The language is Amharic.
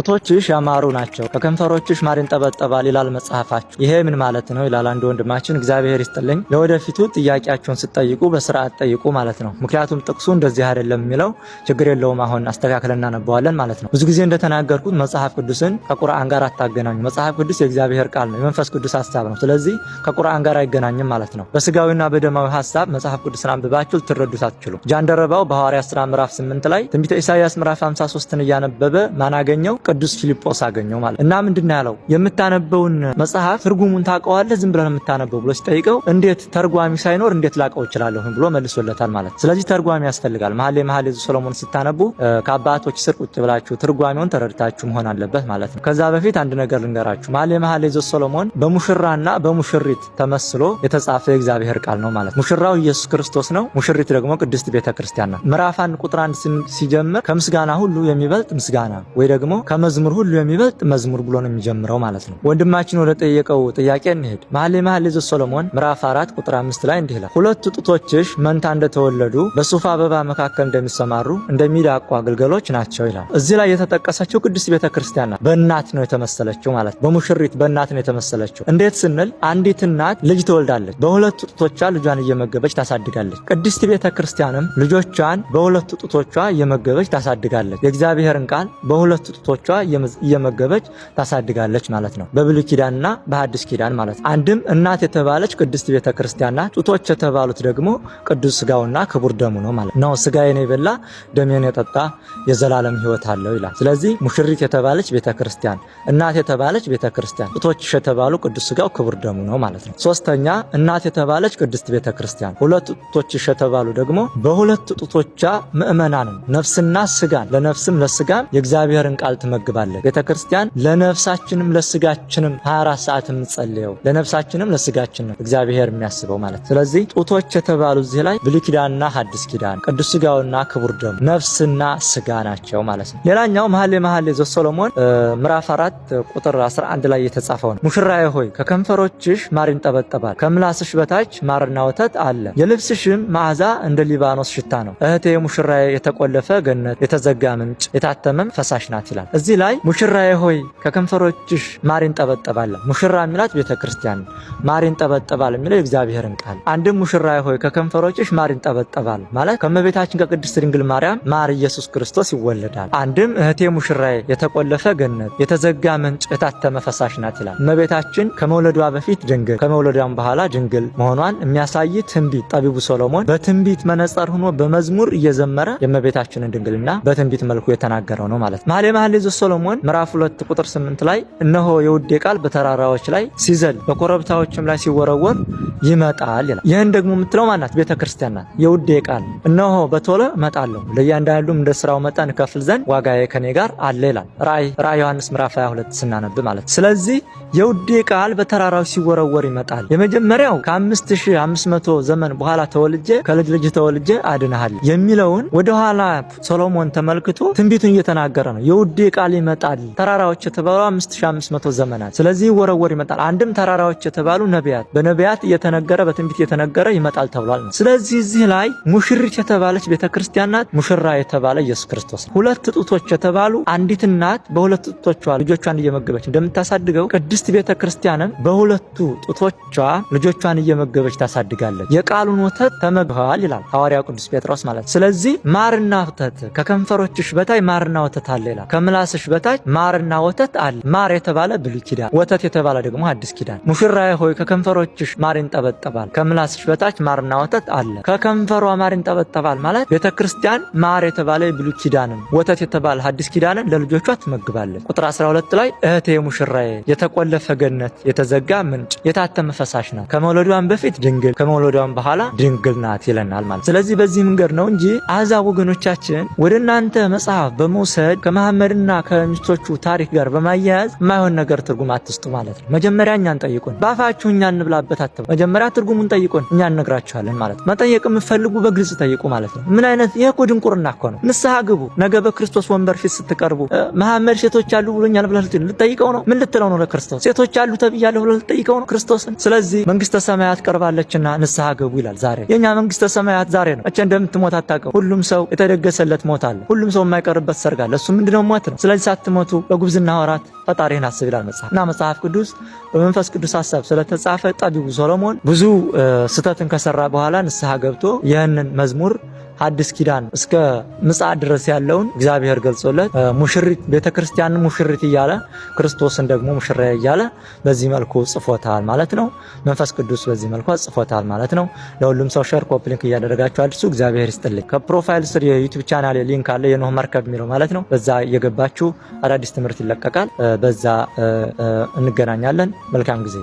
ጡቶችሽ ያማሩ ናቸው ከከንፈሮችሽ ማር ይንጠበጠባል ይላል መጽሐፋችሁ። ይሄ ምን ማለት ነው ይላል አንድ ወንድማችን። እግዚአብሔር ይስጥልኝ። ለወደፊቱ ጥያቄያቸውን ስጠይቁ በስርዓት ጠይቁ ማለት ነው። ምክንያቱም ጥቅሱ እንደዚህ አይደለም የሚለው ችግር የለውም አሁን አስተካክለን እናነበዋለን ማለት ነው። ብዙ ጊዜ እንደተናገርኩት መጽሐፍ ቅዱስን ከቁርአን ጋር አታገናኙ። መጽሐፍ ቅዱስ የእግዚአብሔር ቃል ነው፣ የመንፈስ ቅዱስ ሀሳብ ነው። ስለዚህ ከቁርአን ጋር አይገናኝም ማለት ነው። በስጋዊና በደማዊ ሀሳብ መጽሐፍ ቅዱስን አንብባችሁ ልትረዱት አትችሉም። ጃንደረባው በሐዋርያት ሥራ ምዕራፍ 8 ላይ ትንቢተ ኢሳይያስ ምዕራፍ 53ን እያነበበ ማን አገኘው? ቅዱስ ፊልጶስ አገኘው ማለት እና ምንድን ያለው የምታነበውን መጽሐፍ ትርጉሙን ታውቀዋለህ ዝም ብለን የምታነበው ብሎ ሲጠይቀው እንዴት ተርጓሚ ሳይኖር እንዴት ላቀው እችላለሁን ብሎ መልሶለታል ማለት ስለዚህ ተርጓሚ ያስፈልጋል መሐሌ መሐሌ ዘሰሎሞን ስታነቡ ከአባቶች ስር ቁጭ ብላችሁ ትርጓሚውን ተረድታችሁ መሆን አለበት ማለት ነው ከዛ በፊት አንድ ነገር ልንገራችሁ መሐሌ መሐሌ ዘሰሎሞን በሙሽራና በሙሽሪት ተመስሎ የተጻፈ የእግዚአብሔር ቃል ነው ማለት ሙሽራው ኢየሱስ ክርስቶስ ነው ሙሽሪት ደግሞ ቅድስት ቤተክርስቲያን ነው ምዕራፍ አንድ ቁጥር አንድ ሲጀምር ከምስጋና ሁሉ የሚበልጥ ምስጋና ወይ ደግሞ ከመዝሙር ሁሉ የሚበልጥ መዝሙር ብሎ ነው የሚጀምረው ማለት ነው። ወንድማችን ወደ ጠየቀው ጥያቄ እንሄድ። መኃልየ መኃልይ ዘሰሎሞን ምዕራፍ አራት ቁጥር አምስት ላይ እንዲህ ይላል፣ ሁለቱ ጡቶችሽ መንታ እንደተወለዱ በሱፍ አበባ መካከል እንደሚሰማሩ እንደሚዳቁ አገልገሎች ናቸው ይላል። እዚህ ላይ የተጠቀሰችው ቅድስት ቤተ ክርስቲያን ናት። በእናት ነው የተመሰለችው ማለት በሙሽሪት በእናት ነው የተመሰለችው። እንዴት ስንል አንዲት እናት ልጅ ትወልዳለች፣ በሁለቱ ጡቶቿ ልጇን እየመገበች ታሳድጋለች። ቅድስት ቤተ ክርስቲያንም ልጆቿን በሁለቱ ጡቶቿ እየመገበች ታሳድጋለች። የእግዚአብሔርን ቃል በሁለቱ ጡቶቿ በልጆቿ እየመገበች ታሳድጋለች ማለት ነው። በብሉይ ኪዳንና በሐዲስ ኪዳን ማለት ነው። አንድም እናት የተባለች ቅድስት ቤተ ክርስቲያን ጡቶች የተባሉት ደግሞ ቅዱስ ስጋውና ክቡር ደሙ ነው ማለት ነው። ስጋዬን የበላ ደሜን የጠጣ የዘላለም ሕይወት አለው ይላል። ስለዚህ ሙሽሪት የተባለች ቤተ ክርስቲያን፣ እናት የተባለች ቤተ ክርስቲያን፣ የተባሉ ቅዱስ ስጋው ክቡር ደሙ ነው ማለት ነው። ሶስተኛ እናት የተባለች ቅድስት ቤተ ክርስቲያን፣ ሁለት ጡቶች የተባሉ ደግሞ በሁለት ጡቶቿ ምእመናንን ነፍስና ስጋን ለነፍስም ለስጋም የእግዚአብሔርን ቃል ትመ እንመግባለን። ቤተ ክርስቲያን ለነፍሳችንም ለስጋችንም 24 ሰዓት የምትጸልየው ለነፍሳችንም ለስጋችንም እግዚአብሔር የሚያስበው ማለት። ስለዚህ ጡቶች የተባሉ እዚህ ላይ ብሉይ ኪዳንና ሐዲስ ኪዳን ቅዱስ ስጋውና ክቡር ደሙ ነፍስና ስጋ ናቸው ማለት ነው። ሌላኛው መሐሌ ዘ ዘሰሎሞን ምዕራፍ 4 ቁጥር 11 ላይ የተጻፈው ነው። ሙሽራዬ ሆይ ከከንፈሮችሽ ማር ይንጠበጠባል፣ ከምላስሽ በታች ማርና ወተት አለ፣ የልብስሽም መዓዛ እንደ ሊባኖስ ሽታ ነው። እህቴ ሙሽራዬ የተቆለፈ ገነት፣ የተዘጋ ምንጭ፣ የታተመም ፈሳሽ ናት ይላል። እዚህ ላይ ሙሽራዬ ሆይ ከከንፈሮችሽ ማር ይንጠበጠባል። ሙሽራ የሚላት ቤተክርስቲያን፣ ማር ይንጠበጠባል የሚለው እግዚአብሔርን ቃል አንድም ሙሽራዬ ሆይ ከከንፈሮችሽ ማር ይንጠበጠባል ማለት ከእመቤታችን ከቅድስት ድንግል ማርያም ማር ኢየሱስ ክርስቶስ ይወለዳል። አንድም እህቴ ሙሽራዬ የተቆለፈ ገነት የተዘጋ ምንጭ የታተመ ፈሳሽ ናት ይላል። እመቤታችን ከመውለዷ በፊት ድንግል ከመውለዷም በኋላ ድንግል መሆኗን የሚያሳይ ትንቢት ጠቢቡ ሶሎሞን በትንቢት መነጸር ሆኖ በመዝሙር እየዘመረ የእመቤታችንን ድንግልና በትንቢት መልኩ የተናገረው ነው ማለት ነው። ሶሎሞን ምዕራፍ 2 ቁጥር 8 ላይ እነሆ የውዴ ቃል በተራራዎች ላይ ሲዘል በኮረብታዎችም ላይ ሲወረወር ይመጣል ይላል። ይህን ደግሞ የምትለው ማናት? ቤተ ክርስቲያን ናት። የውዴ ቃል እነሆ በቶሎ እመጣለሁ፣ ለእያንዳንዱም እንደ ስራው መጠን እከፍል ዘንድ ዋጋዬ ከኔ ጋር አለ ይላል። ራእይ ራእይ ዮሐንስ ምዕራፍ 22 ስናነብ ማለት ስለዚህ የውዴ ቃል በተራራው ሲወረወር ይመጣል። የመጀመሪያው ከ5500 ዘመን በኋላ ተወልጄ ከልጅ ልጅ ተወልጄ አድንሃል የሚለውን ወደኋላ ሶሎሞን ተመልክቶ ትንቢቱን እየተናገረ ነው። የውዴ ቃል ወራል ይመጣል። ተራራዎች የተባሉ 5500 ዘመናት ስለዚህ ወረወር ይመጣል። አንድም ተራራዎች የተባሉ ነቢያት በነቢያት እየተነገረ በትንቢት እየተነገረ ይመጣል ተብሏል ነው። ስለዚህ እዚህ ላይ ሙሽሪት የተባለች ቤተክርስቲያን ናት። ሙሽራ የተባለ ኢየሱስ ክርስቶስ ነው። ሁለት ጡቶች የተባሉ አንዲት እናት በሁለት ጡቶቿ ልጆቿን እየመገበች እንደምታሳድገው ቅድስት ቤተክርስቲያንም በሁለቱ ጡቶቿ ልጆቿን እየመገበች ታሳድጋለች። የቃሉን ወተት ተመግበዋል ይላል ሐዋርያው ቅዱስ ጴጥሮስ ማለት ስለዚህ ማርና ወተት ከከንፈሮችሽ በታይ ማርና ወተት አለ ይላል ከምላስ ከራስሽ በታች ማርና ወተት አለ። ማር የተባለ ብሉይ ኪዳን፣ ወተት የተባለ ደግሞ አዲስ ኪዳን። ሙሽራዬ ሆይ ከከንፈሮችሽ ማር ይንጠበጠባል፣ ከምላስሽ በታች ማርና ወተት አለ። ከከንፈሯ ማር ይንጠበጠባል ማለት ቤተ ክርስቲያን ማር የተባለ የብሉይ ኪዳንን ወተት የተባለ አዲስ ኪዳንን ለልጆቿ ትመግባለች። ቁጥር 12 ላይ እህቴ ሙሽራዬ የተቆለፈ ገነት የተዘጋ ምንጭ የታተመ ፈሳሽ ነው፣ ከመውለዷን በፊት ድንግል ከመውለዷን በኋላ ድንግል ናት ይለናል ማለት። ስለዚህ በዚህ መንገድ ነው እንጂ አሕዛብ ወገኖቻችን ወደ እናንተ መጽሐፍ በመውሰድ ከመሐመድና ከሚስቶቹ ታሪክ ጋር በማያያዝ የማይሆን ነገር ትርጉም አትስጡ ማለት ነው። መጀመሪያ እኛን ጠይቁን፣ በአፋችሁ እኛ እንብላበት አትበሉ። መጀመሪያ ትርጉሙን ጠይቁን፣ እኛ እነግራችኋለን ማለት ነው። መጠየቅ የምፈልጉ በግልጽ ጠይቁ ማለት ነው። ምን አይነት ይህ እኮ ድንቁርና እኮ ነው። ንስሐ ግቡ። ነገ በክርስቶስ ወንበር ፊት ስትቀርቡ መሐመድ ሴቶች አሉ ብሎኛል ብለህ ልትጠይቀው ነው? ምን ልትለው ነው? ለክርስቶስ ሴቶች አሉ ተብያለሁ ብለህ ልትጠይቀው ነው ክርስቶስን? ስለዚህ መንግስተ ሰማያት ቀርባለችና ንስሐ ግቡ ይላል። ዛሬ የእኛ መንግስተ ሰማያት ዛሬ ነው። መቼ እንደምትሞት አታውቅም። ሁሉም ሰው የተደገሰለት ሞት አለ። ሁሉም ሰው የማይቀርበት ሰርግ አለ። እሱ ምንድነው ሞት ነው። ስለዚህ ሳትሞቱ በጉብዝና ወራት ፈጣሪን አስብ ይላል መጽሐፍ እና መጽሐፍ ቅዱስ በመንፈስ ቅዱስ ሀሳብ ስለተጻፈ ጠቢቡ ሶሎሞን ብዙ ስህተትን ከሰራ በኋላ ንስሐ ገብቶ ይህንን መዝሙር አዲስ ኪዳን እስከ ምጽአት ድረስ ያለውን እግዚአብሔር ገልጾለት ሙሽሪት ቤተክርስቲያን ሙሽሪት እያለ ክርስቶስን ደግሞ ሙሽራ እያለ በዚህ መልኩ ጽፎታል ማለት ነው። መንፈስ ቅዱስ በዚህ መልኩ ጽፎታል ማለት ነው። ለሁሉም ሰው ሸር ኮፕሊንክ እያደረጋችሁ አድርሱ። እግዚአብሔር ይስጥልኝ። ከፕሮፋይል ስር የዩቲዩብ ቻናል ሊንክ አለ የኖህ መርከብ የሚለው ማለት ነው። በዛ እየገባችሁ አዳዲስ ትምህርት ይለቀቃል። በዛ እንገናኛለን። መልካም ጊዜ